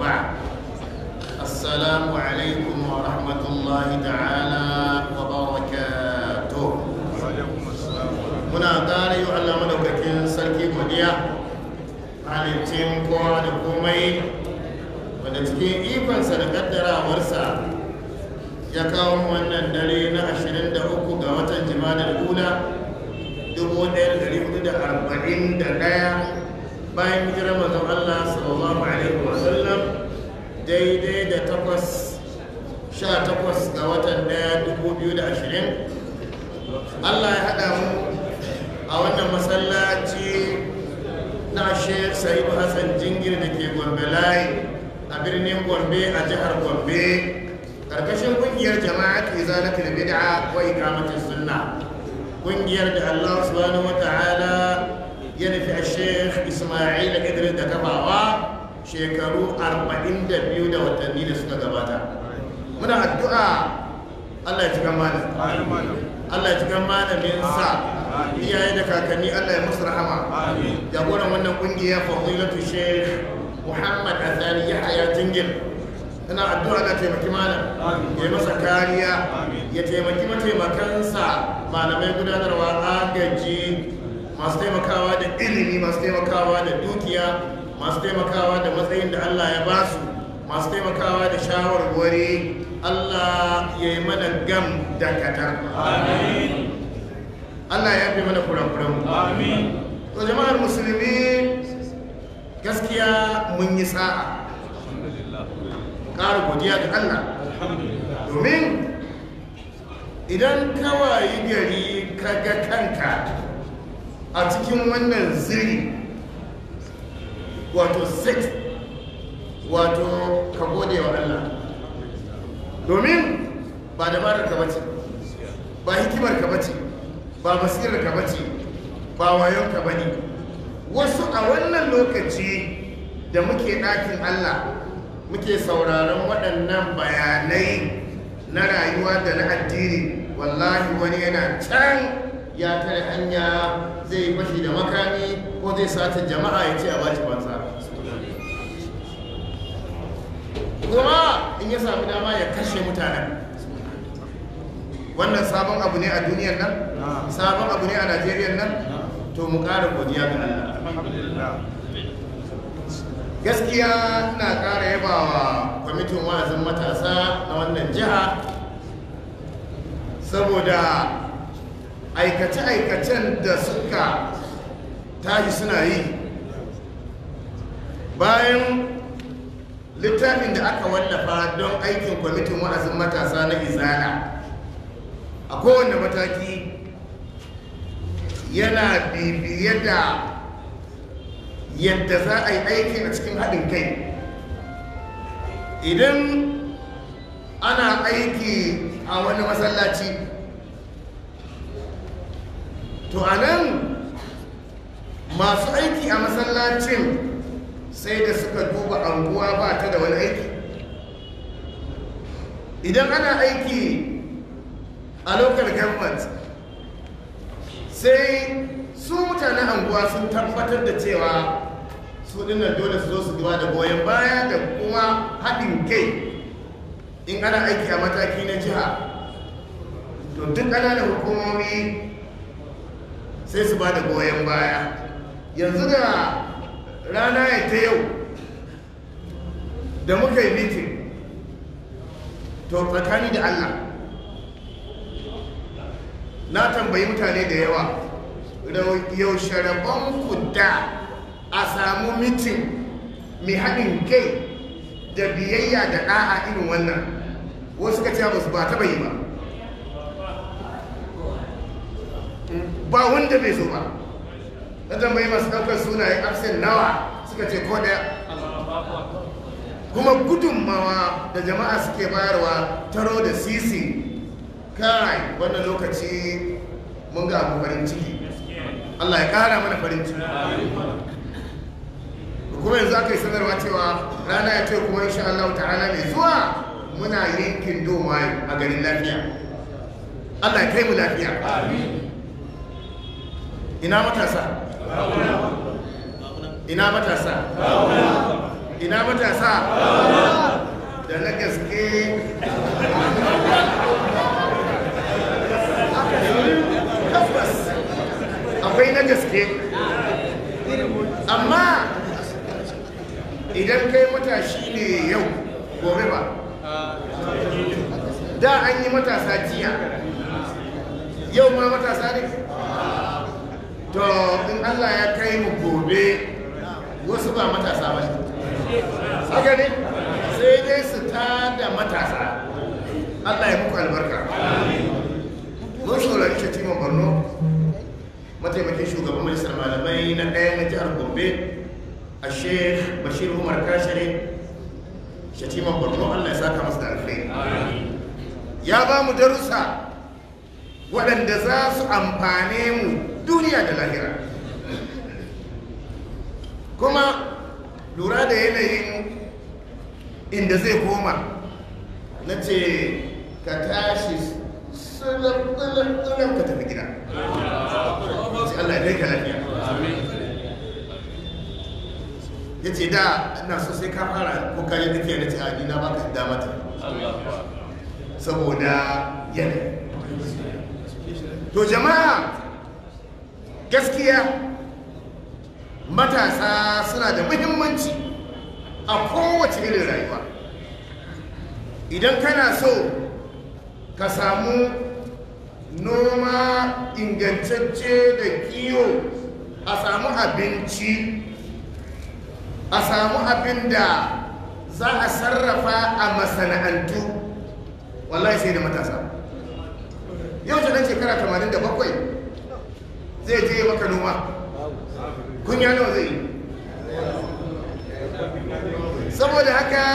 وبعد السلام عليكم ورحمة الله تعالى وبركاته muna ƙara yi Allah madaukakin sarki godiya halittin kowa da komai wanda cikin ikonsa da kaddarawarsa ya kawo wannan dare na 23 ga watan jima'a guna 1441 bayan hijirar mazan Allah sallallahu alaihi wasallam daidai da takwas sha takwas ga watan daya dubu biyu da ashirin allah ya haɗa mu a wannan masallaci na sai sa'id hassan jingir da ke gombe layi a birnin gombe a jihar gombe ƙarƙashin ƙungiyar jama'a ke zalatul bid'a wa iqamatus sunna ƙungiyar da allah subhanahu wa ta'ala ya nufi a sheikh ismail idris da kafawa shekaru 42 da watanni da suka gabata muna addu'a Allah ya cika malam Allah ya cika malamin sa iyaye da kakanni Allah ya musu rahama gora wannan kungiya fadilatu sheikh Muhammad Azali haya Jingil ina addu'a ga taimaki malam ya masa kariya ya taimaki mataimakansa malamai gudanarwa agaji masu taimakawa da ilimi masu taimakawa da dukiya masu taimakawa da matsayin da Allah ya ba su masu taimakawa da shawarwari Allah ya yi mana gam da katar Allah ya fi mana kuran kuran. to jama'ar musulmi gaskiya mun yi sa'a ƙara godiya ga Allah domin idan kawai gari ka ga kanka a cikin wannan zirin. wato sex wato ka gode wa Allah domin ba dabarar ka bace ba hikimar ka bace ba basirar ka bace ba wayon ka wasu a wannan lokaci da muke ɗakin Allah muke sauraron waɗannan bayanai na rayuwa da na addini wallahi wani yana can ya tare hanya zai fashi da makami ko zai sata jama'a ya ce a bashi ba kuma in ya sami dama ya kashe mutanen wannan sabon abu ne a duniyar nan sabon abu ne a najeriya nan to mu kara godiya ga Allah gaskiya na kara yaba wa kwamitin wa'azin matasa na wannan jiha saboda aikace-aikacen da suka tashi suna yi bayan littafin da aka wallafa don aikin kwamitin wa'azin matasa na izana a kowane mataki yana bibiye da yadda za a yi aiki a cikin haɗin kai idan ana aiki a wani masallaci to a nan masu aiki a masallacin sai da suka duba anguwa ba da wani aiki idan ana aiki a local government sai su mutane anguwa sun tabbatar da cewa su dina dole su zo su zuwa da goyon baya da kuma haɗin kai in ana aiki a mataki na jiha to duk ƙananan hukumomi sai su ba da goyon baya yanzu da rana ya ta yau da muka yi mitin to tsakani da allah na tambayi mutane da yawa yaushe rabon da a samu mitin mai haɗin kai da biyayya da ɗa'a irin wannan wasu ka ce su ba taɓa yi ba ba wanda bai zo ba na tambayi masu ɗaukar sunayen absent nawa suka ce ko ɗaya kuma gudunmawa da jama'a suke bayarwa taro da sisi kai wannan lokaci mun ga abu farin ciki allah ya kara mana farin ciki kuma yanzu aka yi sanarwa cewa rana ya ce kuma insha Allah ta'ala mai zuwa muna yankin doma a garin lafiya Allah ya kai mu lafiya ina matasa ina matasa ina matasa da na gaske akwai na gaske amma idan kai matashi ne yau gobe ba da an yi matasa jiya yau ma matasa ne to in allah ya kai mu gobe wasu ba matasa ba ne haka ne sai dai su ta da matasa allah ya muku albarka mun saurari shatiman borno mataimakin shugaban majalisar malamai na ɗaya na jihar gombe a sheikh bashir umar shatiman borno allah ya saka masu da alfai ya ba mu waɗanda za su amfane mu duniya da lahira kuma lura da yanayin inda zai koma na ce ka tashi tsirin ka tafi gida Allah ya ka lafiya ya ce da ina so sai ka fara ko kayi duke na ce a ni na baka dama ta saboda yanayi to jama'a gaskiya matasa suna da muhimmanci a kowace irin rayuwa idan kana so ka samu noma ingantacce da kiyo a samu abinci a samu abin da za a sarrafa a masana'antu wallahi sai da matasa yau janar shekara 87 zai je maka noma kunya nawa zai yi saboda haka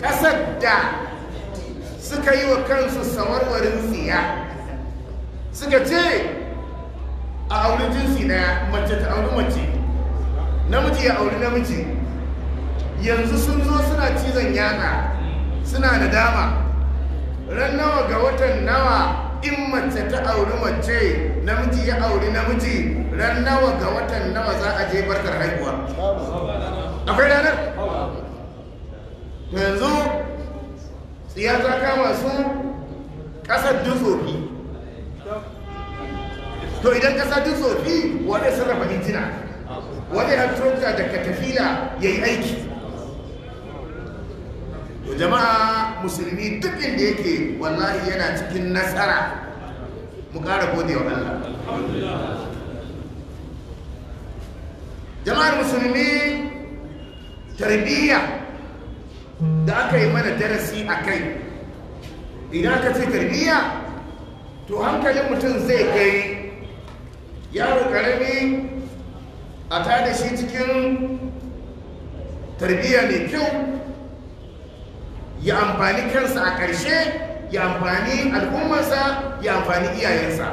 ƙasar da suka yi wa kansu samarwarin siya suka ce a auri jinsi na mace ta auri mace namiji ya auri namiji yanzu sun zo suna cizon yana suna da dama ran nawa ga watan nawa in mace ta auri mace namiji ya auri namiji ran nawa ga watan nawa za a je barkar haihuwa akwai ranar yanzu tsiya ta kama su ƙasar dusofi to idan ƙasa dusofi wane sarrafa injina wane hantarta da katafila ya yi aiki to jama'a musulmi duk inda yake wallahi yana cikin nasara mu ƙara gode wa Allah jama'ar musulmi tarbiyya da aka yi mana darasi a kai idan ka ce tarbiyya to hankalin mutum zai kai yaro karami a da shi cikin tarbiyya mai kyau ya amfani kansa a ƙarshe ya amfani al'ummarsa ya amfani iyayensa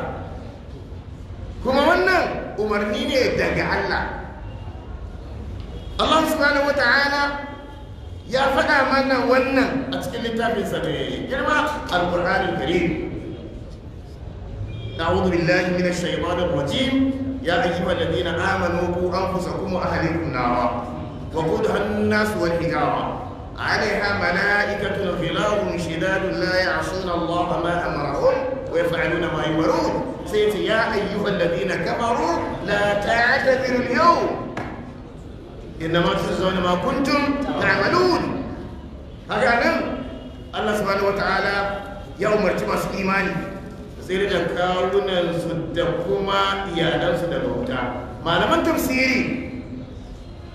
kuma wannan umarni ne daga Allah Allah subhanahu wa ya faɗa mana wannan a cikin littafin sa da girma al-Qur'an al-Karim na'udhu billahi Amadu shaitani rajim ya ayyuhal ladina amanu qu anfusakum wa ahlikum nar wa qudha an-nas wal hijara عليها ملائكة غلاظ شداد لا يعصون الله ما أمرهم ويفعلون ما يمرون سيتي يا أيها الذين كفروا لا تعتذروا اليوم inna ma tuzawna ma kuntum ta'malun haka nan Allah subhanahu wataala ya umarci masu imani tsere da kawunan su da kuma iyalansu da bauta malaman tafsiri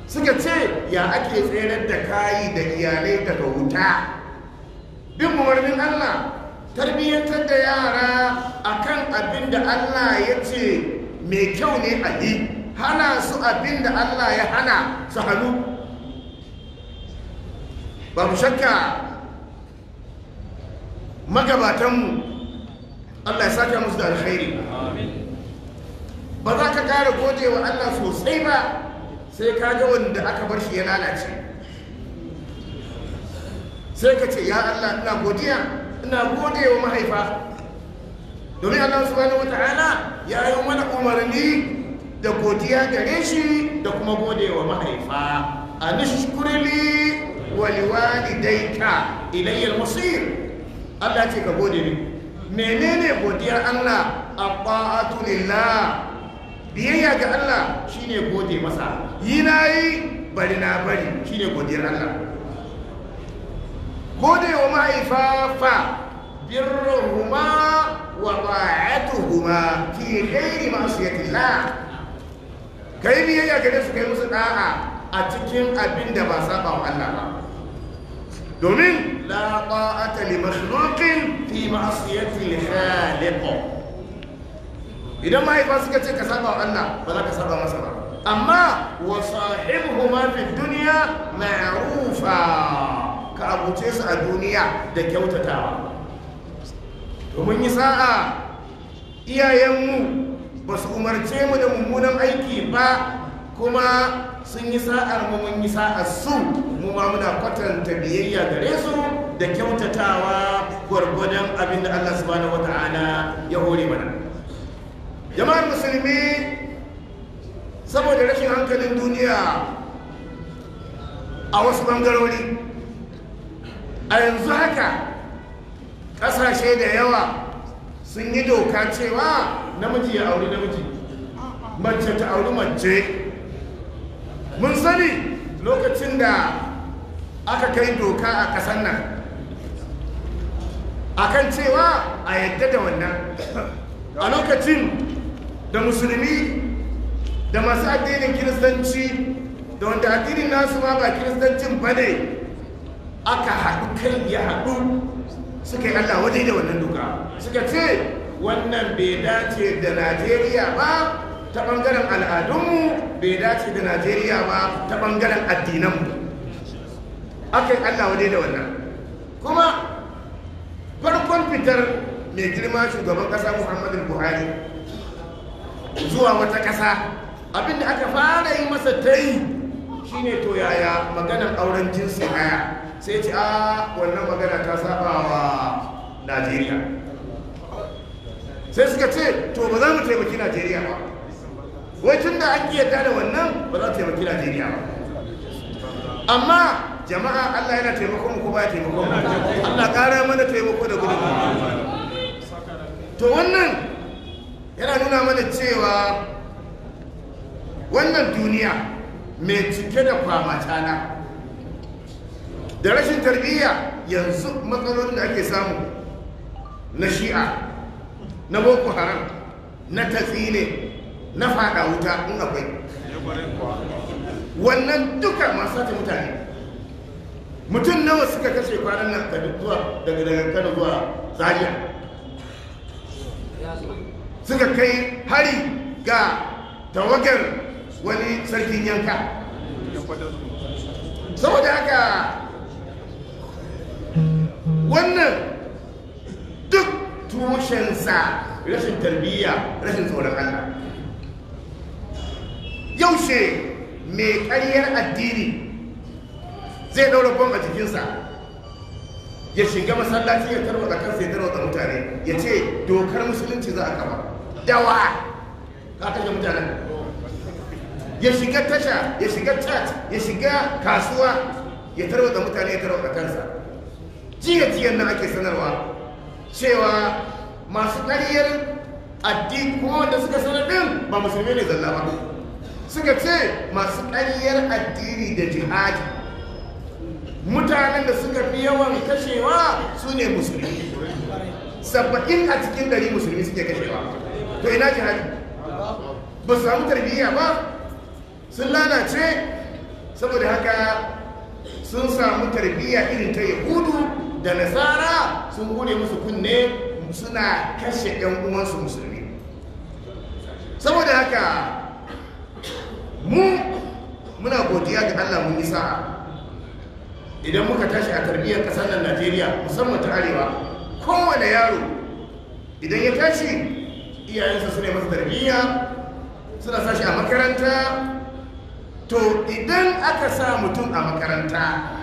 suka ce ya ake tsere da kayi da iyalai da wuta bin umarnin Allah tarbiyyantar da yara akan abin da Allah ya ce mai kyau ne a yi hana su abin da Allah ya hana su hannu babu shakka magabatanmu Allah ya saka musu da alkhairi ba za ka kara gode wa Allah sosai ba sai ka ga wanda aka bar shi ya lalace sai ka ce ya Allah ina godiya ina gode wa mahaifa domin Allah subhanahu ta'ala ya yi mana umarni da godiya gare shi da kuma gode wa mahaifa a nishkurili wa liwalidaika ilayyar masir Allah ce ka gode ne menene godiyar Allah abba'atu lillah biyayya ga Allah shine gode masa yi na yi bari na bari shine godiyar Allah gode wa mahaifa fa huma wa ta'atuhuma masu ghairi ma'siyatillah kai yi biyayya gare su kai musu da'a a cikin abin da ba saba wa Allah ba domin la ta'ata li makhluqin fi ma'siyati li khaliq idan ba suka ce ka saba wa Allah ba za ka saba masa ba amma wa sahibuhuma fi dunya ma'rufa ka abuce su a duniya da kyautatawa Domin yi sa'a iyayenmu ba su umarce mu da mummunan aiki ba kuma sun yi sa'ar mu mun yi sa'ar su mu ma muna kwatanta biyayya gare su da kyautatawa gwargwadon abin da Allah subhanahu wata'ala ya hore mana jama'ar musulmi saboda rashin hankalin duniya a wasu bangarori a yanzu haka ƙasashe da yawa sun yi doka cewa namiji ya auri namiji mace ta auri mace mun sani lokacin da aka kai doka a ƙasar nan akan cewa a yadda da wannan a lokacin da musulmi da masu addinin kiristanci da wanda addinin nasu ma ba kiristancin ba ne aka haɗu kai ya haɗu suka yi allah waje da wannan doka suka ce wannan bai dace da najeriya ba ta ɓangaren al'adunmu bai dace da najeriya ba ta ɓangaren addinanmu yi allah wadai da wannan kuma farkon fitar mai girma shugaban ƙasa muhammadu buhari zuwa wata ƙasa abinda aka fara yi masa ta yi shi ne to yaya maganar auren jinsi haya sai ce a ah, wannan magana ta saba wa najeriya sai suka ce to ba za mu taimaki najeriya ba wai tun da an kiyata da wannan ba za mu taimaki najeriya ba amma jama'a allah yana taimakon mu ko ba ya taimakon mu allah ƙara mana taimako da gudunmu to wannan yana nuna mana cewa wannan duniya mai cike da tana da rashin tarbiyya yanzu matsalolin da ake samu na shi'a na boko haram na tatsine ne na fada wuta in akwai wannan duka masu ta mutane mutum nawa suka kashe kwanan nan daga daga kano zuwa zaria suka kai hari ga tawagar wani sarkin yanka saboda haka wannan tushensa rashin tarbiyya rashin tsoron Allah yaushe mai ƙaryar addini zai daura bomba jikinsa ya shiga masallaci ya da kansa ya tarwata mutane ya ce dokar musulunci za a kama dawa ka kashe mutanen ya shiga tasha ya shiga chat ya shiga kasuwa ya da mutane ya da kansa jiya jiyan nan ake sanarwa cewa masu ƙaryar addini ko wanda suka sanar din ba musulmi ne zalla ba suka ce masu ƙaryar addini da jihadi mutanen da suka fi yawan kashewa su ne musulmi sabba'in a cikin dari musulmi suke kashewa to ina jihadi ba su samu tarbiyya ba sun lalace saboda haka sun samu tarbiyya irin ta yahudu da nasara sun gure musu kunne suna kashe 'yan uwansu musulmi saboda haka mu muna godiya ga allah mun yi sa'a idan muka tashi a tarbiyyar kasar nan najeriya musamman ta arewa kowane yaro idan ya tashi iyayensa su ne masa tarbiyya suna sashi a makaranta to idan aka sa mutum a makaranta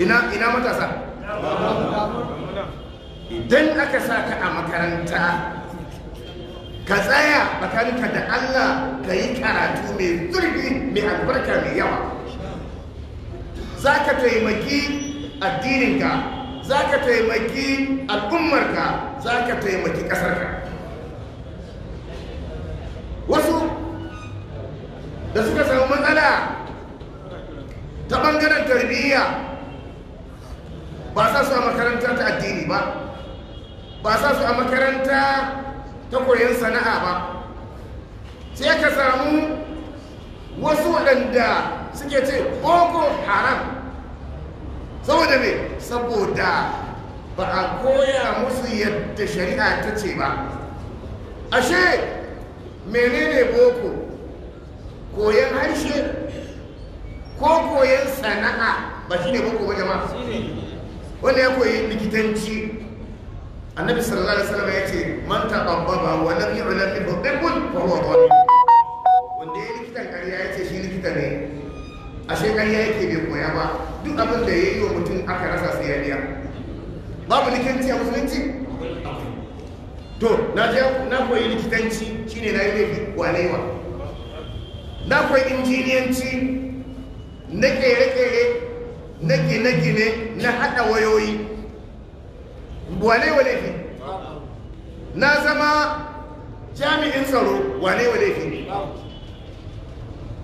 ina matasa idan aka sa ka a makaranta ka tsaya makaranta da Allah ka yi karatu mai zurfi mai albarka mai yawa za ka taimaki addininka za ka taimaki al'ummarka za ka taimaki ƙasarka wasu da suka samu matsala ta ɓangaren tarbiyya ba sa su a makaranta ta addini ba ba sa su a makaranta ta koyon sana'a ba sai ka samu wasu waɗanda suke ce boko haram saboda me saboda ba a koya musu yadda shari'a ta ce ba ashe menene boko koyon harshe ko koyon sana'a ba shi ne boko ba jama'a wanda ya koyi likitanci annabi sallallahu alaihi wasallam ya ce man tababbaba wa lam yu'lam bi tabbun wa huwa dhalim wanda ya likitan kariya ya ce shi likita ne ashe kariya yake bai koya ba duk abin da yayi wa mutum aka rasa sai ya biya babu likitanci a musulunci to na je na koyi likitanci shine na yi ne walewa na koyi injiniyanci na kere-kere na gine-gine na haɗa wayoyi wane wale laifi na zama jami'in tsaro wane wale laifi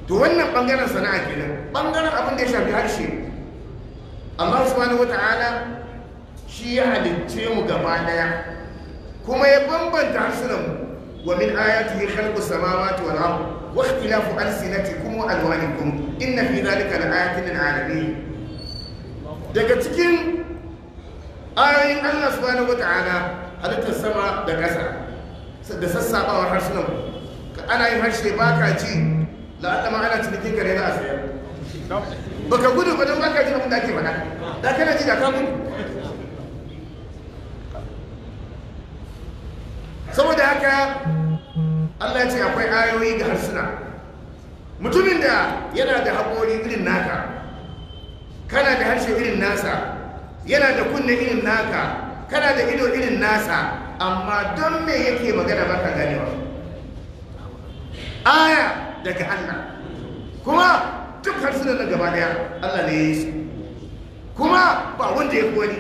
to wannan ɓangaren sana'a kenan ɓangaren abin da ya shafi harshe Allah subhanahu wata'ala shi ya halicce mu gaba daya kuma ya bambanta harsunanmu wa min ayatihi khalqu samawati wal ardh wa ikhtilafu kuma wa kuma. inna fi dhalika laayatin lil alamin daga cikin ayoyin Allah subhanahu ana halittar sama da ƙasa da sassabawar harsunan ka ana yin harshe ba ka ji la'adda ma ana cinikin gare na a sayar ka gudu ba ba ka ji abin da ake faɗa da kana ji da ka gudu saboda haka Allah ya ce akwai ayoyi ga harsuna mutumin da yana da haƙori irin naka kana da harshe irin nasa yana da kunne irin naka kana da ido irin nasa amma don me yake magana baka ganewa aya daga Allah kuma duk harsunan nan gaba daya Allah ne ya yi su kuma ba wanda ya fi wani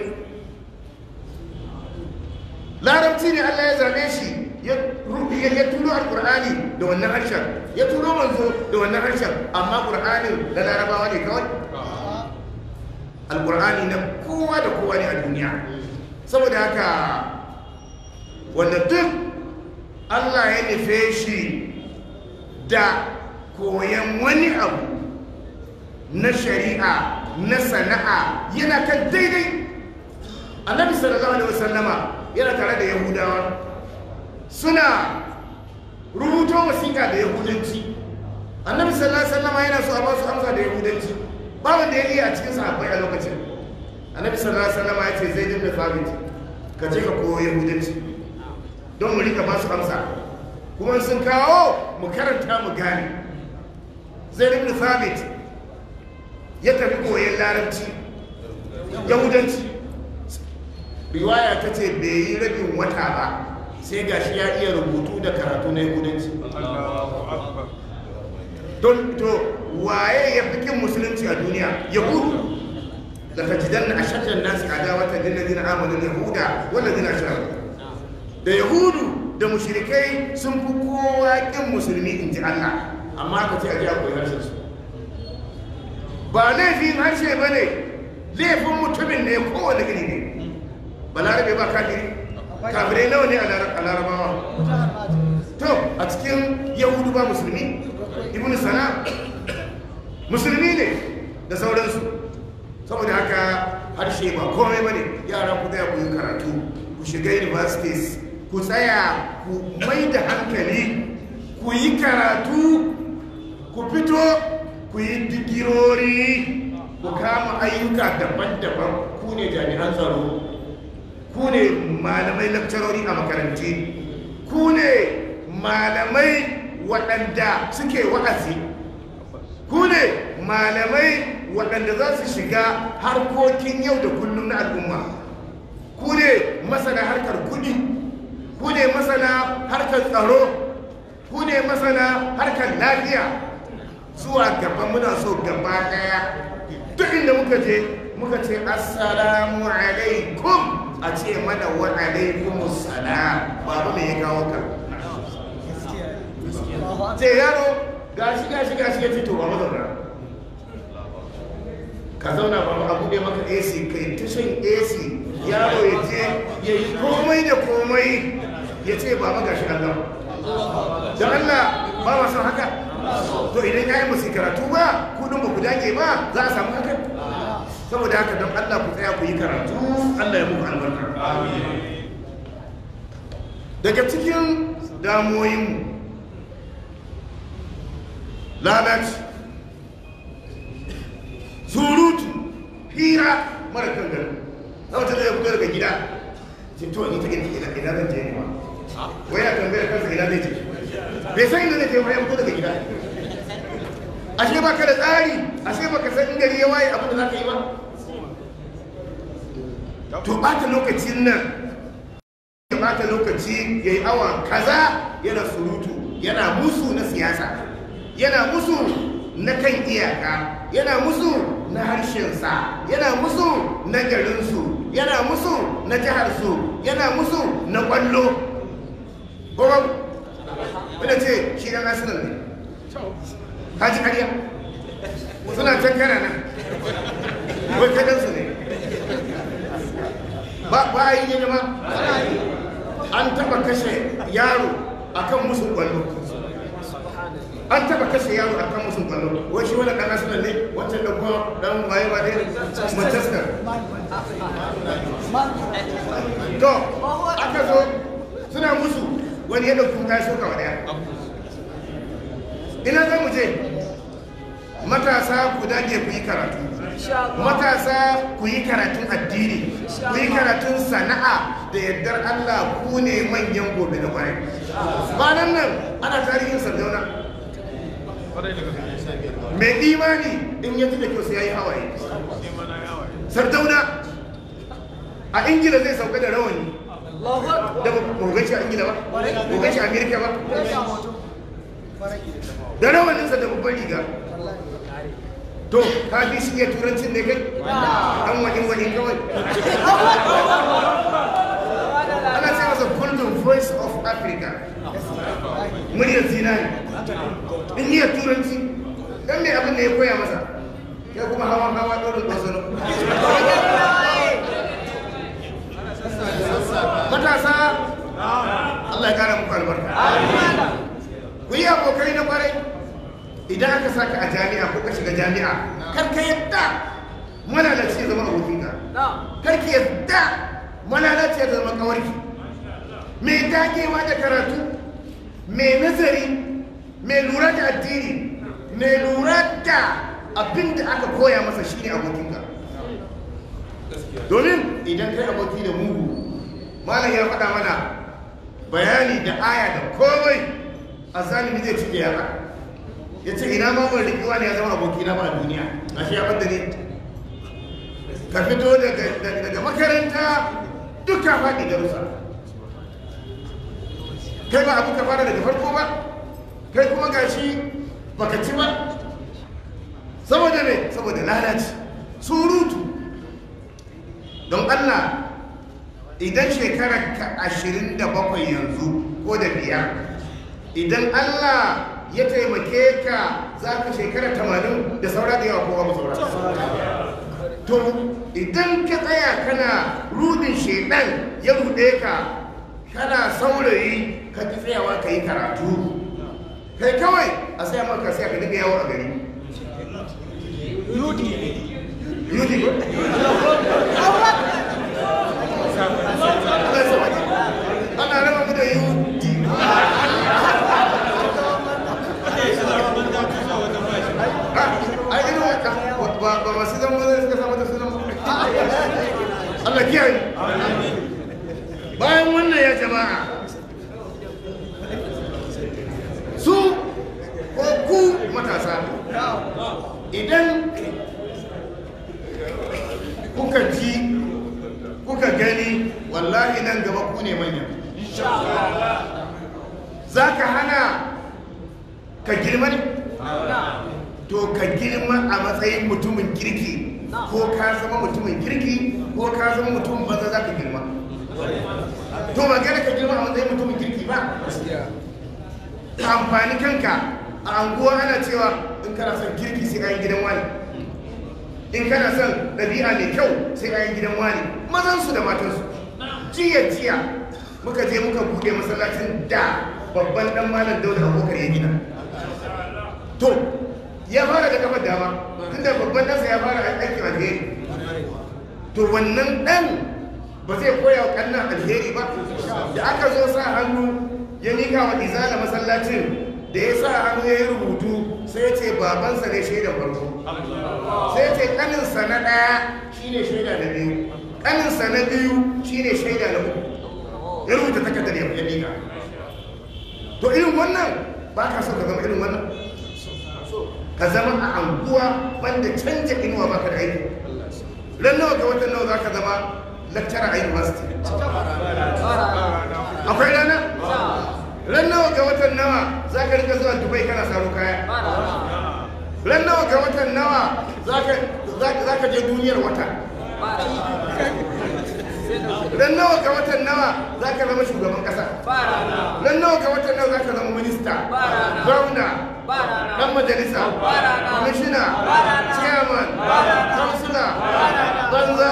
larabci ne Allah ya zame shi ya turo alkur'ani da wannan harshen ya turo manzo da wannan harshen amma ƙur'anin da larabawa ne kawai alkur'ani na kowa da kowa ne a duniya saboda haka wanda duk allah ya nufe shi da koyan wani abu na shari'a na sana'a yana kan daidai annabi sallallahu alaihi wasallama yana tare da yahudawa suna rubuto wasiƙa da yahudanci annabi sallallahu alaihi wasallama yana so a ba su amsa da yahudanci Babu da ya iya a cikin sahabbai a lokacin annabi sallallahu alaihi wasallam ya ce zai dinda sabit ka ce ka koyo yahudanci don mu rika basu amsa kuma sun kawo mu karanta mu gane zai dinda sabit ya tafi koyon larabci yahudanci riwaya ta ce bai yi rabin wata ba sai ga shi ya iya rubutu da karatu na yahudanci don to waye ya fi kin musulunci a duniya yahudu لتجدن أشد الناس عداوة للذين yahuda اليهود والذين أشركوا da yahudu da mushrikai sun fi kowa kin musulmi in ji Allah amma ka ce a ji akwai harshen su ba laifin harshe ba ne laifin mutumin ne kowane gini ne ba larabe ba kafiri kafirai nawa ne a larabawa to a cikin yahudu ba musulmi ibn sana musulmi ne da sauransu saboda haka harshe ba komai bane yara ku tsaya ku yi karatu ku shiga universities ku tsaya ku mai da hankali ku yi karatu ku fito ku yi digirori ku kama ayyuka daban-daban ku ne jami'an tsaro ku ne malamai lakcarori a makarantu ku ne malamai waɗanda suke wa'azi ku ne malamai waɗanda za su shiga harkokin yau da kullum na al'umma ku ne masana harkar kuɗi ku ne masana harkar tsaro ku ne masana harkar lafiya zuwa gaba muna so gaba ɗaya duk inda muka je muka ce assalamu alaikum a ce mana wa alaikum salam babu me ya kawo ka ce yaro gashi gashi gashi ya fito ba mazauna ka zauna ba a buɗe maka ac kai ta shan ac yaro ya je ya yi komai da komai ya ce ba maka shi gama. don Allah ba ma san haka to idan ya yi musu karatu ba kudin ba ku dage ba za a samu haka saboda haka don Allah ku tsaya ku yi karatu Allah ya muku albarka daga cikin damuwoyinmu lanet zurut hira mara kan gari na wata zai fito daga gida ce to ni ta gina gina gina zan je ne ma wai kansa gina zai bai san inda zai je ya daga gida ashe da tsari ashe san ya waye abin da za ka yi ba to bata lokacin nan ya bata lokaci ya yi awa kaza yana surutu yana musu na siyasa yana musu na kan iyaka yana musu na harshensa yana musu na garinsu yana musu na jiharsu yana musu na kwallo gogon wadda ce shi ɗan arsenal ne haji ji karya suna can kana nan wai kadansu ne ba a yi ne ma an taba kashe yaro akan musu kwallo an taba kashe yaro a kan musun kwallo wai shi wani kan national ne wancan da kuma dan waye ba ne manchester to aka zo suna musu wani ya ɗauki ya shuka wa ɗaya ina za mu je matasa ku dage ku yi karatu matasa ku yi karatun addini ku yi karatun sana'a da yardar allah ku ne manyan gobe da kwarai nan nan ana tarihin sardauna mai imani in ya tuna kyau sai ya yi hawaye sardauna a ingila zai sauka da rawani da ba shi a ingila ba gogan shi a amerika ba da rawaninsa da babban riga to ka bi shi turancin ne kai an wajen wajen kawai ana masa golden voice of africa muryar zinari billiyar turanci don mai abin da ya koya masa ya kuma hawan hawa ɗorin ɗansu matasa Allah ya kara muku albarka ku yi abokai na kwarai idan aka saka a jami'a ko ka shiga jami'a kar ka yadda malalaci ya zama ka. kar ki yadda malalaci ya zama kawarki mai dagewa da karatu mai nazari mai lura da addini mai lura da abin da aka koya masa shine abokinka domin idan kai aboki da mugu malam ya faɗa mana bayani da aya da komai a zalimi zai cike yara ya ce ina ma mai rikiwa ne ya zama abokina ba a duniya a shi ya fadda ne ka fito daga makaranta duka faɗi da rusa kai ba abu ka fara daga farko ba kai kuma gashi baka ci ba saboda ne saboda lalaci surutu don allah idan ka ashirin da bakwai yanzu ko da biya, idan allah ya taimake ka za ka shekara tamanin da saura da yawa kowa ba saura to idan ka tsaya kana rudin shedan ya rude ka kana saurayi ka tsayawa ka yi karatu kai kawai a sai maka sai ka dinga yawo a gari yudi yudi ana da yudi yi. ba zama Allah kiyaye bayan wannan ya jama'a su ko ku matasa idan kuka ji kuka gani wallahi nan gaba ku ne manya za ka hana ka girma ne to ka girma a matsayin mutumin kirki ko ka zama mutumin kirki ko ka zama mutumin banza za ka girma to magana ka girma a matsayin mutumin kirki ba ka amfani kanka a anguwa ana cewa in kana son kirki sai ayin gidan wani in kana son ɗabi'a mai kyau sai ayin gidan wani mazansu da matansu jiya jiya muka je muka buɗe masallacin da babban ɗan malam dauda abokar ya gina to ya fara da kafar dama tunda babban ɗansa ya fara aiki alheri to wannan ɗan ba zai koya wa ƙannan alheri ba da aka zo sa hannu ya nika wa izala masallacin da ya sa hannu ya yi rubutu sai ya ce babansa ne shaidan farko sai ya ce kaninsa na ɗaya shine shaida na biyu kaninsa na biyu shine shaida na uku ya rubuta takardar ya nika to irin wannan ba ka so ka zama irin wannan ka zama a anguwa banda canja inuwa ba ka da aiki ran nawa ga watan nawa za ka zama lecturer a university akwai rana ran nawa ga watan nawa za ka rika zuwa dubai kana saro kaya ran nawa ga watan nawa za ka je duniyar wata ran nawa ga watan nawa za ka zama shugaban kasa ran nawa ga watan nawa za ka zama minista zauna, dan majalisa kwamishina chairman kansula banza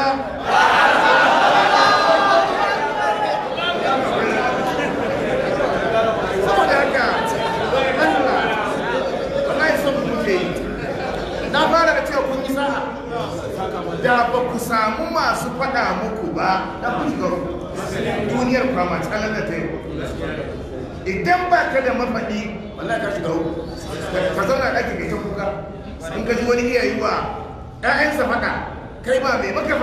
za ka ce kun yi sa'a da ba ku samu masu faɗa muku ba da duniyar tsanar da ta yi idan ba ka da mafaɗi wallahi ka shiga uku ka zauna kuka in ka ji wani wa ɗayansa to ka koma kuka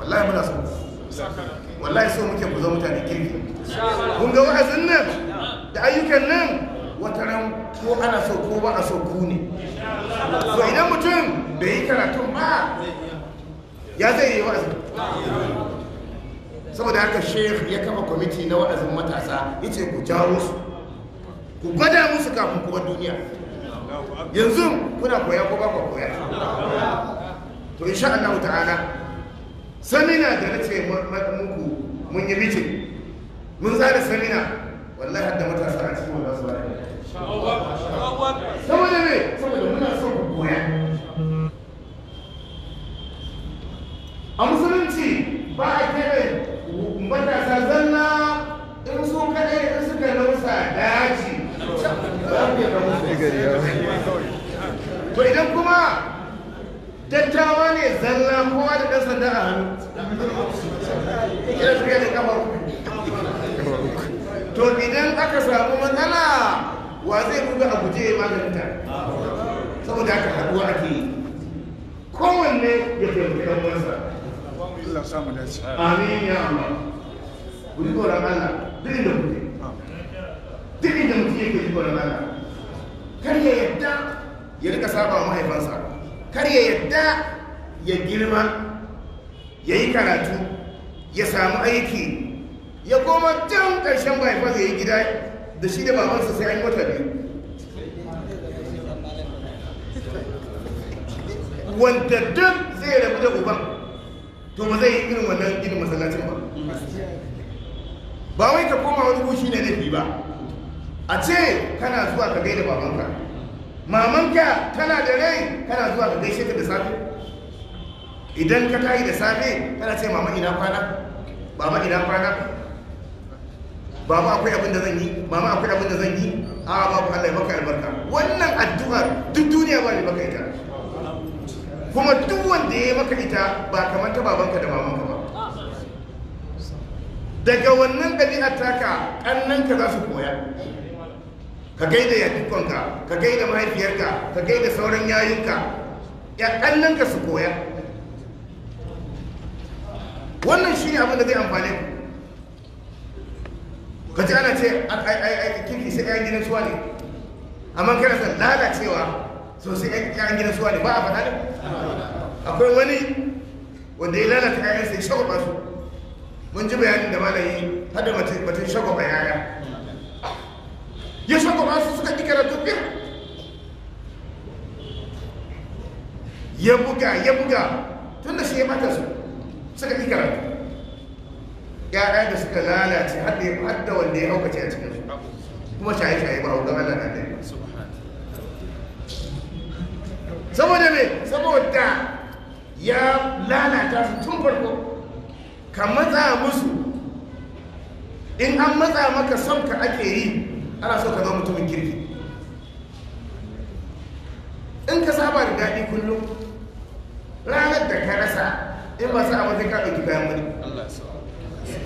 wallahi muna so wallahi so muke ku zama mutane kirki kun da ayyukan nan wata ran ko ana so ko ba a so ku ne so idan mutum bai yi karatun ba ya zai yi wa'azi saboda haka sheikh ya kama kwamiti na wa'azin matasa ya ce ku jawo su ku gwada musu kafin kuma duniya yanzu kuna koya ko ba koya to sha Allah ta'ala samina da nace muku mun yi mitin mun zara samina wallahi hadda matasa a cikin wannan zuwa saboda ne saboda muna son ku koya a musulunci ba a kebe matasa zanna in su kaɗai in suka nausa daji to idan kuma dattawa ne zalla kowa da ɗan sanda a hannu idan suka da kamar ku. to idan aka samu matsala wa zai buga a guje ya maganta saboda aka haɗuwa ake yi kowanne ya taimaki ɗan amin ya amma ku ji tsoron Allah duk inda kuke duk inda mutum yake ji tsoron Allah kar ya yadda ya rika saba wa mahaifansa kar ya yadda ya girma ya yi karatu ya samu aiki ya koma can ƙarshen da ya yi gida da shi da babansa sai an wata biyu wanda duk zai rabu da uban to ba zai yi irin wannan irin masallacin ba ba wai ka koma wani gushi ne nufi ba a ce kana zuwa ka gaida babanka mamanka tana da rai kana zuwa ka gaishe ka da safe idan ka tayi da safe kana ce mama ina kwana baba ina kwana baba akwai abin da zan yi mama akwai abin da zan yi a babu Allah ya maka albarka wannan addu'ar duk duniya ba ne maka ita kuma duk wanda ya maka ita ba kamar ta babanka da mamanka ba daga wannan ɗabi'ar taka ƙannanka za su koya ka gaida yadukonka ka gaida mahaifiyarka ka gaida sauran yayinka ya ƙannanka su koya wannan shi ne abin da zai amfane ku kaji ana ce kirki sai yan gidan suwa ne amma kana san lalacewa sosai yan gidan suwa ne ba a faɗa ne akwai wani wanda ya lalata kayan sai shagwaba su mun ji bayanin da malayi hada da batun shagwaba yaya ya shagwaba su suka ƙi karatu biyar ya buga ya buga tun da shi ya mata su suka ƙi karatu ya'ya da suka lalace har da hadda wanda ya haukace a cikin su kuma shaye shaye ba hauka Allah na dai saboda me saboda ya lalata su tun farko ka matsa musu in an matsa maka son ka ake yi ana so ka zama mutumin kirki in ka saba da daɗi kullum ranar da ka rasa in ba sa a wajen ka ɗauki kayan wani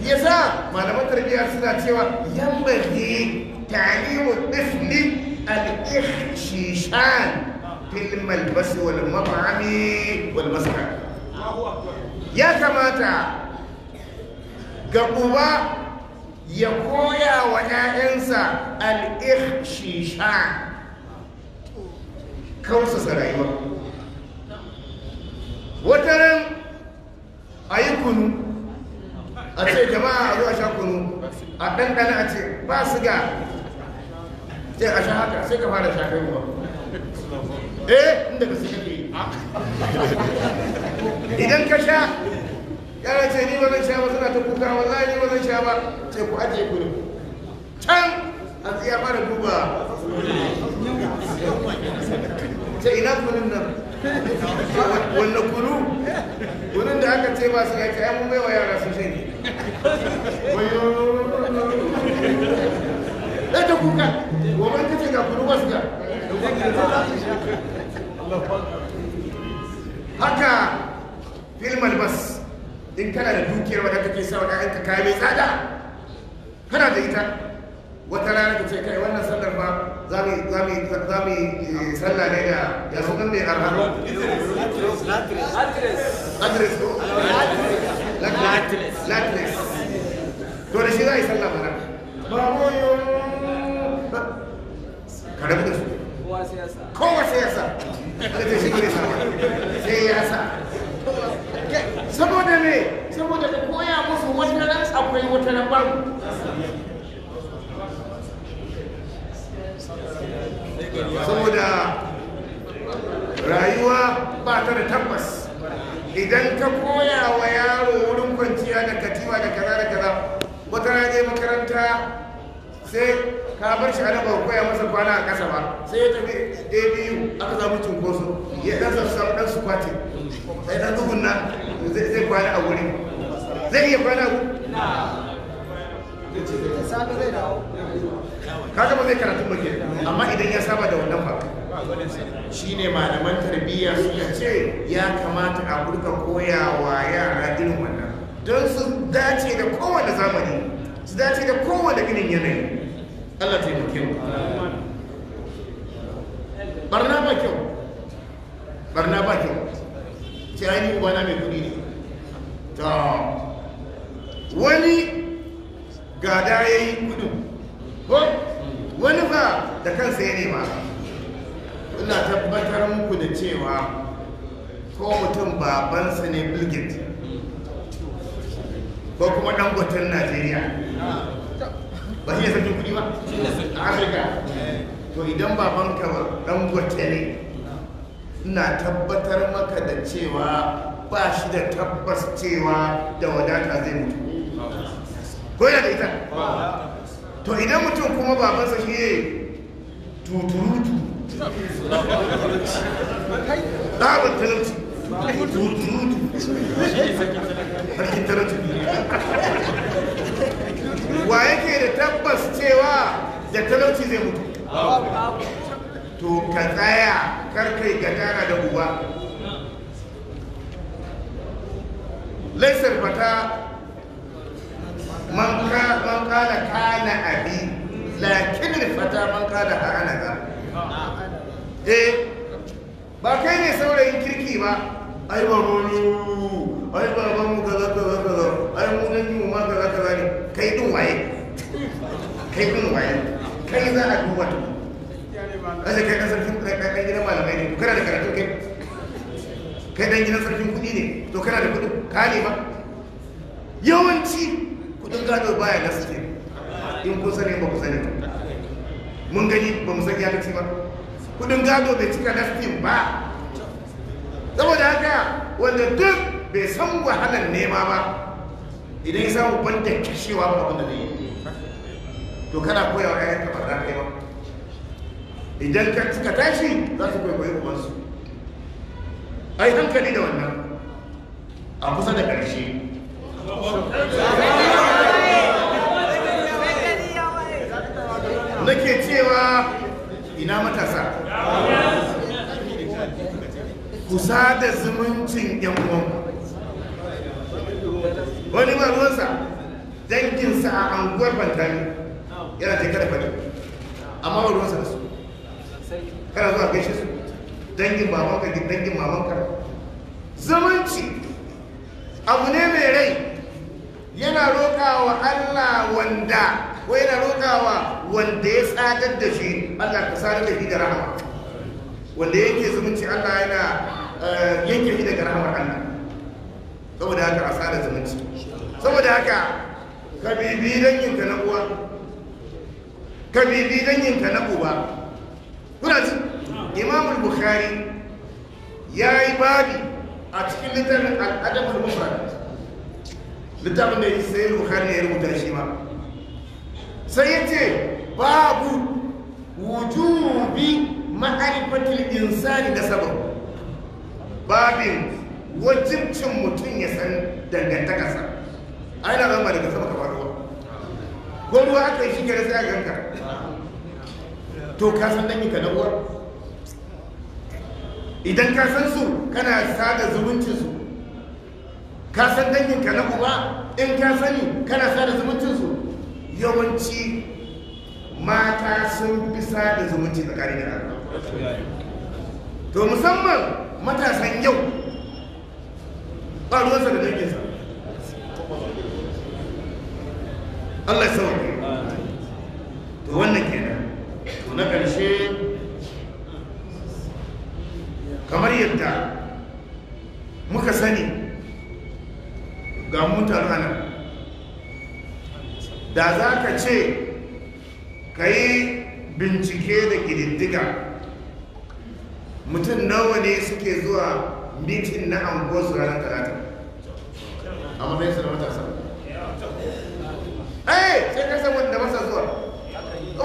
yasa malaman tarbiyya suna cewa yambage ta'limu tifli al-ihshishan fil malbas wal mab'ami wal maskan ya kamata ga uba ya koya wa 'ya'yansa al'irshisha kausasa rayuwa wataran a yi kunu a ce jama'a a zuwa sha kunu a dandana a ce ba ga ce a sha haka sai ka fara sha kai ruwa eh inda ka suke ne idan ka sha yara ce ni wazan sha ba suna ta kuka wallahi ni wazan sha ba ce ku ajiye kuri can a tsaye fara duba ce ina kunun nan wanda kunu wurin da aka ce masu yaki ai mun bai wa yara sun shanye ɗaya ta kuka wa ta ce ga kunu wasu ga haka filmar albas in kana da dukiyar wadda kake sa wadda ka kaya mai tsada kana da ita wata rana ka ce kai wannan sallar ba za mu za mu za mu eh, sallah ne da ya sunan ne arharo address ko latres to da shi za a yi sallah mana ba moyo ka rabu da Ko wa sai ya sa ta shi ne sai ya sa saboda ne saboda ka koya musu wata ran akwai wata ran babu saboda rayuwa ba ta da tabbas idan ka koya wa yaro wurin kwanciya da katiwa da kaza da kaza wata rana je makaranta sai ka bar shi ana ba koya masa kwana a kasa ba sai ya tafi abu aka samu cunkoso ya dan sassan dan su kwace sai dan na zai kwana a wurin zai iya kwana a wurin kaga ba zai karatu ba ke amma idan ya saba da wannan fa ne malaman tarbiyya suka ce ya kamata a burka koyawa yara irin wannan don su dace da kowane zamani su dace da kowane ginin yanayi Allah yi mu barna ba kyau barna ba kyau ce yi ubana mai kudi ne ta wani gada ya yi gudun. ko wani ba da kansa ya nema ina tabbatar muku da cewa ko mutum babansa ne bilgit ko kuma dangoton najeriya ba shi ya sarkin kudi ba a afirka to idan babanka dangote ne ina tabbatar maka da cewa ba shi da tabbas cewa da wadata zai mutu ko yana da ita to idan mutum kuma babansa shi ne tuturutu ɗabin talauci tuturutu harkin talauci wa yake da tabbas cewa da talauci zai mutu to ka tsaya karkai gadara da uba laisar fata man kana kana abi lakin fata man kana ana ga eh ba kai ne saurayin kirki ba ai ba mu ai ba ba mu kaza kaza kaza ai mu ganin mu ma kaza kaza ne kai din waye kai din waye kai za a duba ta kaje kai kasar kin kai kai gidan malamai ne kana da karatu kai kai dan gidan sarkin kudi ne to kana da kudi ka ne ba yawanci Kudin gado baya gaske in kun sani ba ku sani mun gani ba mu san ya ba kudin gado bai cika lastin ba saboda haka wanda duk bai san wahalar nema ba idan ya samu banda kashewa ba abinda da yi to kana koyawa ya ka ba za ka yi ba idan ka cika tashi za su kwaikwayi a yi hankali da wannan a kusa da ƙarshe nake cewa ina matasa kusa da zumuncin yan uwan wani maruwansa danginsa a anguwar bantani yana ta kada fadi amma maruwansa da su kana zuwa gaishe su dangin babanka dangin mamanka zumunci abu ne mai rai yana rokawa Allah wanda ko yana rokawa wanda ya tsadar da shi Allah ka sadar da shi da rahama wanda yake zumunci Allah yana eh, yanke shi daga rahamar Allah saboda haka a sada zumunci saboda haka ka bibi danginka na uwa ka bibi danginka na uba kuna ji imamul bukhari ya yi babi a cikin littafin al'adabul mufrad littafin da yi sai bukari ya rubuta shi ma sai ya ce babu wujubi ma'arifatul insani da sabon babin wajibcin mutum ya san dangantakarsa ana zama daga sama kamar ruwa ko ruwa aka yi shi gare sai a ganka to ka san yi ka nan idan ka san su kana sada zumuncin su ka san danginka na uba in ka sani kana sada zumuncinsu yawanci mata sun fi sada zumunci tsakanin da to musamman matasan yau ba da danginsa Allah ya sauke to wannan kenan to na ƙarshe kamar yadda muka sani ga mutan anan da za ka ce ka yi bincike da ƙididdiga mutum nawa ne suke zuwa mitin na anguwar su ranar talata amma matsayin su da matasa ai eh, sai ka san wanda masa zuwa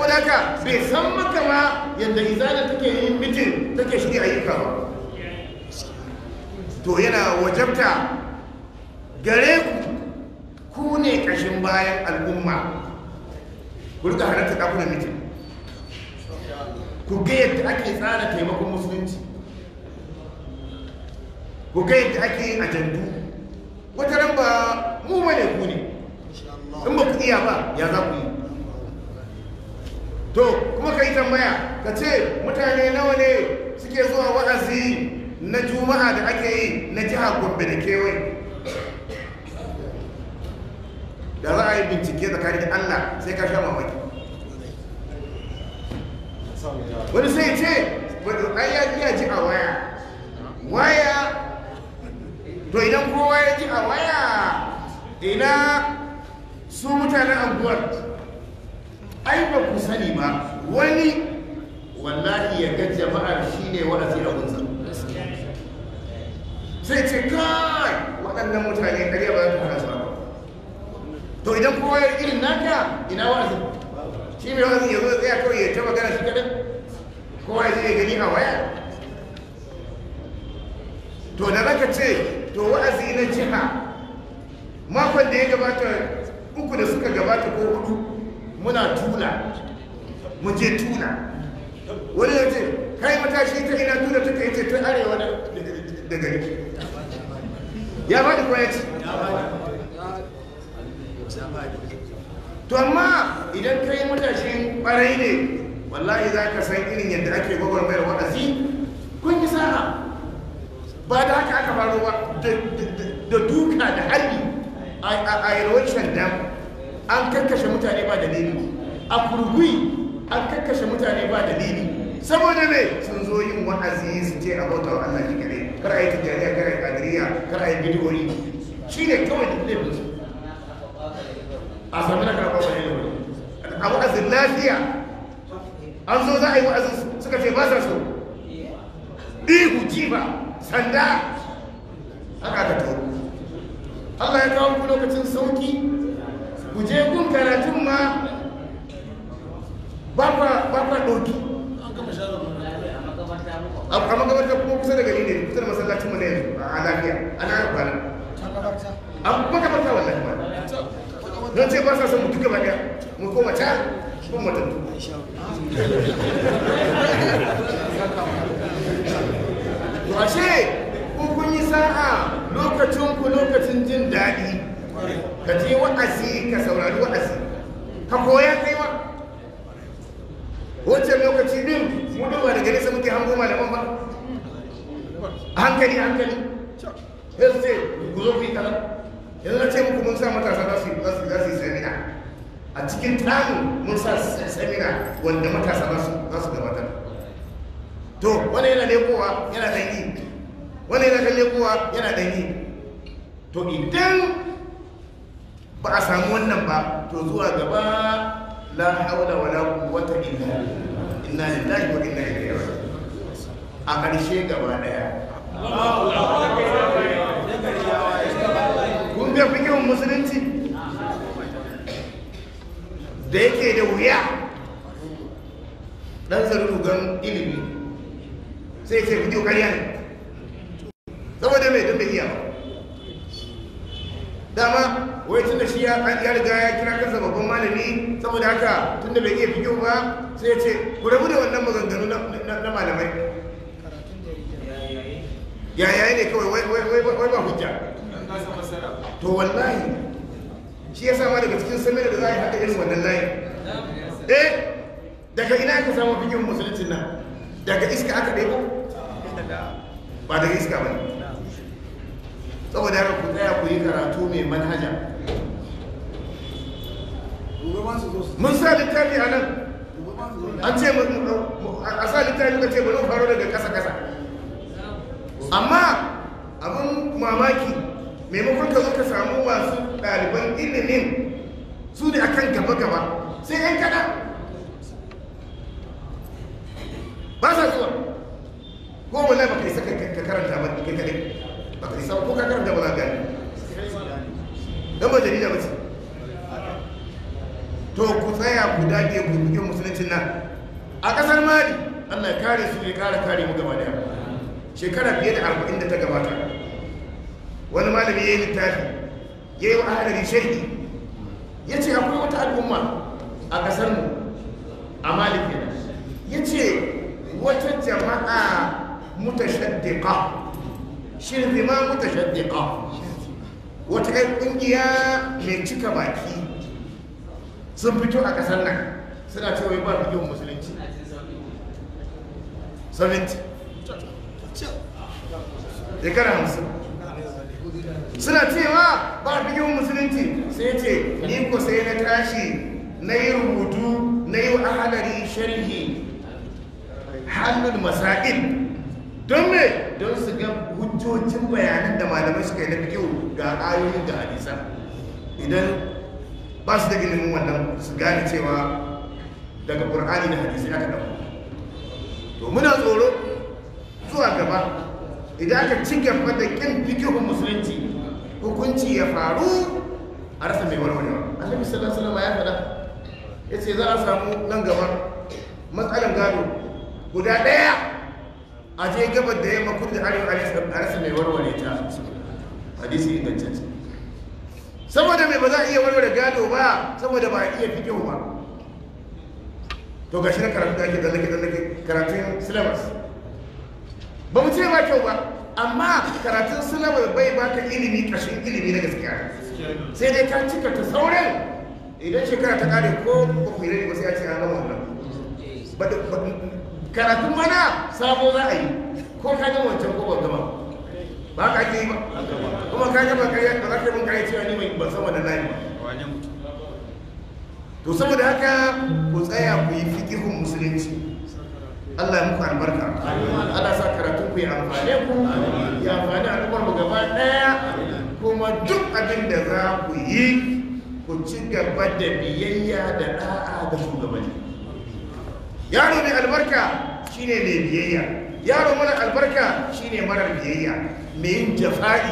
da ka bai san maka ma yadda izala take yin mitin take shirya ayyuka ba to yana wajabta gare ku ku ne ƙashin bayan al'umma ku rika halarta kakunan mitin ku ga yadda ake tsara taimakon musulunci ku ga yadda ake ajandu wata ran ba mu mane ku ne in ba ku iya ba ya za ku yi to kuma ka yi tambaya ka ce mutane nawa ne suke zuwa wa'azi na juma'a da ake yi na jiha gombe da kewaye da za a yi bincike tsakanin da Allah sai ka sha mamaki wani sai ce ai ya iya ji a waya waya to idan kowa ya ji a waya ina su mutanen anguwar ai ba ku sani ba wani wallahi ya ga jama'ar shine wa'azi abunsa sai ce kai waɗannan mutane ɗariya ba za ta hana ba to idan kowa ya irin naka ina wa'azin shi mai wa'azin ya zo ya tsaya kawai ya ta magana shi kaɗan kowa ya zai gani a waya to da zaka ce to wa'azi na jiha makon da ya gabata uku da suka gabata ko hudu muna tula mu je tula wani ya ce kai matashi ta ina tula ta kai ce ta arewa da gari ya ba da ya ce to amma idan kai matashin ɓarai ne wallahi za ka san irin yadda ake gwagwarmayar wa'azi kun yi sa'a ba da haka aka faru ba da duka da harbi a yalwar dam an kakkashe mutane ba dalili a kurgui an kakkashe mutane ba dalili saboda ne sun zo yin wa'azi su ce a bautar Allah shi kare kar a yi tijjaniya kar a yi kadiriya kar a yi bidiyoyi shi ne kawai da laifin su a sami na karɓar bayani wani a wa'azin lafiya an zo za a yi wa'azin suka ce ba sa so ihu jiba sanda aka ta taru Allah ya kawo ku lokacin sauki ku je kun karatun ma ba kwa ɗauki a makabarta kuma kusa da gari ne kusa da masallacin mu ne a lafiya ana kwana a makabarta wallahi don ce ba sa son duka gaba daya mu koma can ko matattu to ashe ko kun yi sa'a lokacin ku lokacin jin daɗi ka je wa'azi ka saurari wa'azi ka koya kaiwa wace lokaci din mu duba daga nesa muke hango malaman ba hankali hankali sai ku zo ku yi kalan yanzu na ce muku mun sa matasa za su yi semina a cikin tsarin mun sa semina wanda matasa za su gabatar to wani yana lekowa yana dangi wani yana lekowa yana dangi to idan ba a samu wannan ba to zuwa gaba la haula wala quwwata illa inna lillahi wa inna ilaihi raji'un a ƙarshe gaba daya Allahu akbar fi fikihun musulunci da yake da wuya dan zaru rugan ilimi sai ce fi karya ne saboda mai don bai iya ba dama wai tun da shi ya riga ya kira kansa babban malami saboda haka tun da bai iya fikiyo ba sai ya ce ku rabu da wannan maganganu na malamai ya ne kawai wai ba hujja to wallahi shi ya sama daga cikin sanar da za a yi haka irin wannan layi eh daga ina ka samu fikin musulunci nan daga iska aka yi ba daga iska ba saboda haka ku tsaya ku yi karatu mai manhaja mun sa littafi a nan an ce a sa littafi ka ce bari faro daga kasa-kasa amma abin mamaki maimakon ka zo ka samu masu ɗaliban ilimin su ne akan gaba-gaba sai yan kada ba sa zuwa ko wala ba kai isa ka karanta ba kai kadai ba ka isa ko ka karanta ba za gani don ba jarida ba ce to ku tsaya ku dage ku buge musuluncin nan a kasar mali Allah ya kare su ne kare kare mu gaba daya shekara fiye da arba'in da ta gabata wani malami ya yi littafi ya yi wahadari shaidi ya ce akwai wata al'umma a ƙasar mu a malikin ya ce wata jama'a mutashaddiqa shirfima mutashaddiqa wata ƴan ƙungiya mai cika baki sun fito a ƙasar nan suna cewa ba fikin musulunci 70 shekara hamsin suna cewa ba a musulunci sai ce ni ko sai na tashi na yi rubutu na yi ahalari sharhi hannun masa'il don me don su ga hujjojin bayanan da malamai suka yi na bigin ga ayoyin da hadisa idan ba su da ginin wannan su gane cewa daga ƙur'ani da hadisi aka ɗauko to muna tsoro zuwa gaba idan aka ci gaba da kin fikihun musulunci hukunci ya faru a rasa mai warwarewa annabi sallallahu alaihi wasallam ya faɗa yace za a samu nan gaba matsalan gado guda ɗaya a je gabar da ya yamma da arewa a rasa mai warware ta hadisi ingantacce saboda mai ba za a iya warware gado ba saboda ba a iya fikihu ba to gashi na karatu da ake zallake zallake karatun syllabus ba mu ce ba kyau ba amma karatun silabar bai ba ta ilimi ƙashin ilimi na gaskiya sai dai ta cika ta sauran idan shekara ta kare ko kofirai ba sai ya ce a nan wannan karatun mana sabo za a yi ko ka gama wancan ko ban gama ba ka yi ba kuma ka gama kariya ba za ka yi mun yi cewa ni mai ban sama da nani ba to saboda haka ku tsaya ku yi fikihun musulunci Allah ya muku albarka Allah sa karatu ku ya amfane ku ya amfane al'ummar mu gaba daya kuma duk abin da za ku yi ku ci gaba da biyayya da da'a da shugabanni yaro mai albarka shine mai biyayya yaro mara albarka shine marar biyayya mai yin jafa'i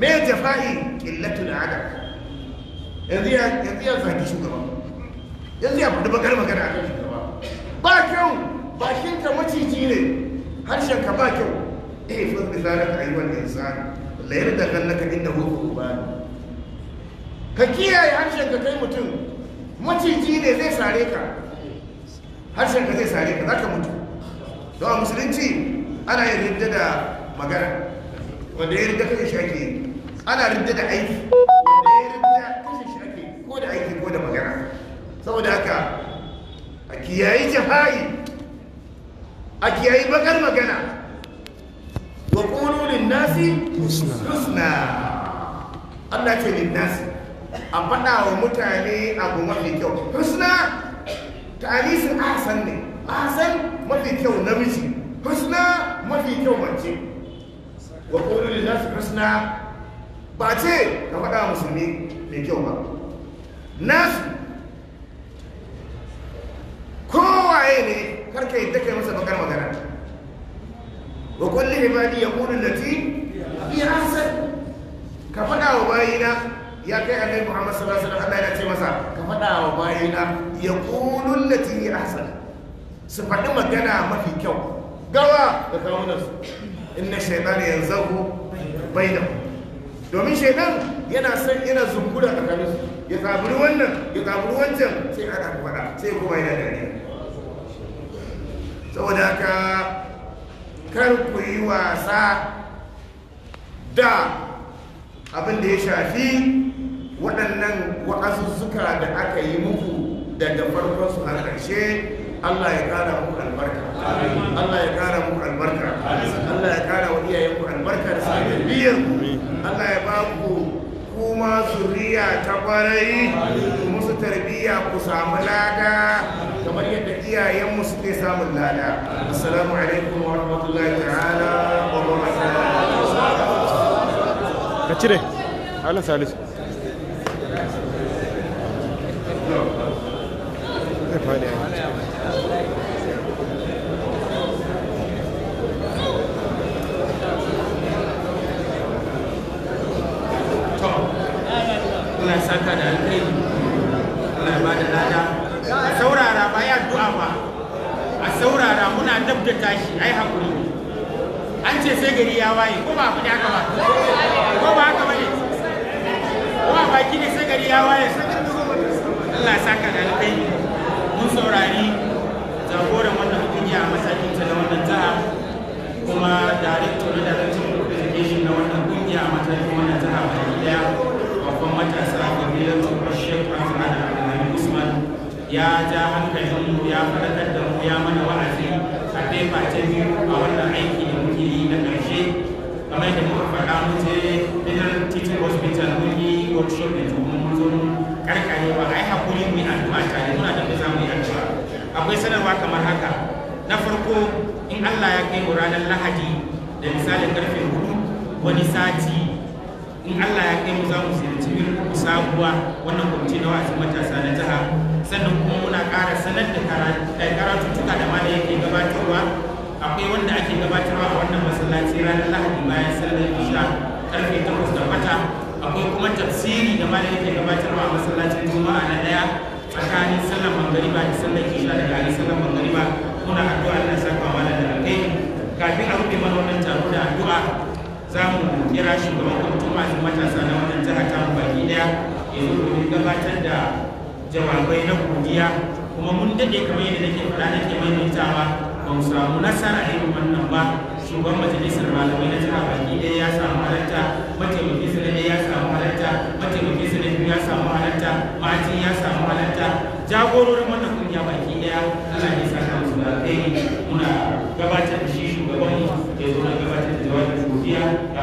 me jafa'i Killatu da yanzu ya yanzu ya zaki shugaba yanzu ya fadi bakar magana kan shugaba ba kyau ka maciji ne ka ba kyau eh fa bi zalika ayyuhal insan la inda innahu ba. ka kiyaye ka kai mutum maciji ne zai sare ka Harshen ka zai sare ka zaka mutu don a musulunci ana yin ridda da magana wanda ya ridda kashe shi ana ridda da aiki wanda ya ridda kashe shi ko da aiki ko da magana saboda haka a kiyayi jihari a kiyayi bakar magana wa ƙununin nasi husna Allah ce lin nasi a faɗa wa mutane abu mafi kyau husna tarihin asan ne asan mafi kyau namiji husna mafi kyau mace wa ƙununin nasi husna ba ce ka faɗa musulmi mai kyau ba nasu kowaye ne karka yadda kai masa bakar magana wa kulli ibadi yaqulu ya fi ahsan ka fada wa bayina ya kai annabi Muhammad sallallahu alaihi wasallam Allah ya ce masa ka fada wa bayina yaqulu ya ahsan su faɗi magana mafi kyau gawa da da su inna shaytan yanzahu bainahum domin shaidan yana son yana zungura a su. ya zaburi wannan ya zaburi wancan sai ana faɗa sai kuma yana dariya saboda ka kar ku yi wasa da abin da ya shafi waɗannan suka da aka yi muku daga farkon su har ƙarshe Allah ya kara muku albarka Allah ya kara muku albarka Allah ya kara wa iyayen ku albarka da sabiyyar ku Allah ya ba ku kuma zuriya ta kwarai tarbiyya ku samu lada kamar yadda mu suke samun lada assalamu alaikum wa rahmatullahi ta'ala wa barakatuh ka cire Allah salisu ba da lada a saurara ba ya du'a ba a saurara muna dab da tashi ai hakuri an ce sai gari ya waye ko ba abu ne haka ba ko ba haka bane ko ba baki ne sai gari ya waye Allah ya saka da alkai mun saurari jagoran wannan kungiya a matakin ta na wannan jiha kuma da director na director of education na wannan kungiya a matakin wannan jiha baki ɗaya. shugaban matasa kabilar babbar shek ahmad abdullahi usman ya ja hankalin mu ya faɗakar da mu ya mana wa'azi a fefa ta biyu a wannan aiki da muke yi na ƙarshe kamar da muka faɗa mun je federal teaching hospital mun yi workshop da domin mun zo karkarewa ai hakuri mu yi addu'a tare muna da za mu yi addu'a akwai sanarwa kamar haka na farko in allah ya kai mu ranar lahadi da misalin karfe hudu wani sati in allah ya kai mu za mu ziyarci irin sabuwa wannan kwamiti na wa'azin matasa na jiha sannan kuma muna ƙara sanar da karatuttuka da da yake gabatarwa akwai wanda ake gabatarwa a wannan masallaci ranar lahadi bayan sallar isha karfe takwas da kwata akwai kuma tafsiri da da yake gabatarwa a masallacin juma'a na daya tsakanin sallar magariba da sallar isha da gari sallar magariba muna addu'a Allah sakawa da alkai kafin a rufe mana wannan taro da addu'a za mu kira shugaban kwamitin masu matasa na wannan jiha ta baki daya ya zo domin gabatar da jawabai na godiya kuma mun daɗe kamar yadda nake faɗa nake maimaitawa ba mu samu nasara a irin wannan ba shugaban majalisar malamai na jiha baki daya ya samu halarta mataimakin sanadi ya samu halarta mataimakin sanadi biyu ya samu halarta ma'ajin ya samu halarta jagororin wannan kungiya baki daya, ana ne sa kan su da muna gabatar da shi shugaban ya zo na gabatar da jawabin godiya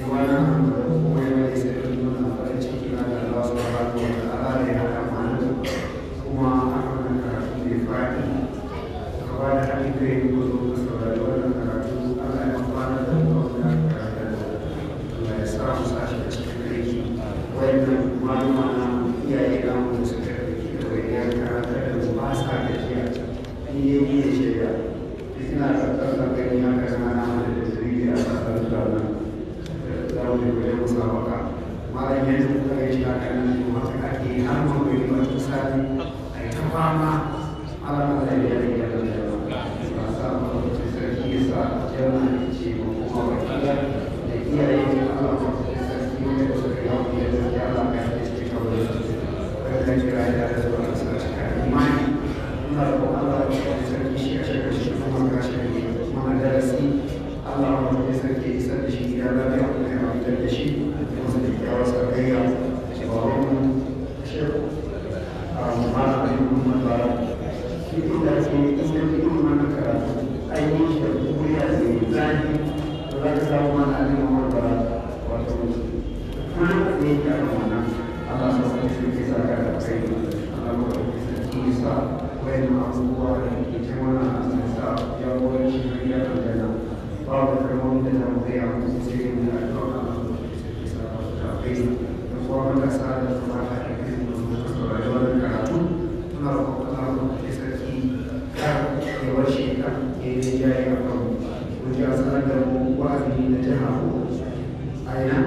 Hermana, mueve y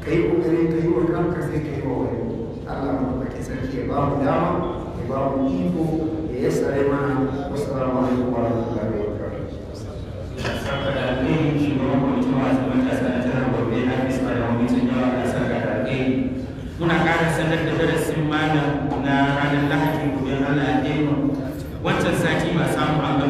ka yi ƙoƙari wa kanka sai wa wani allah mu sarki ba mu dama ya ba mu iko ya yi mana da kuma da muna ƙara sanar da darasin na ranar lahadin gobe wancan sati ba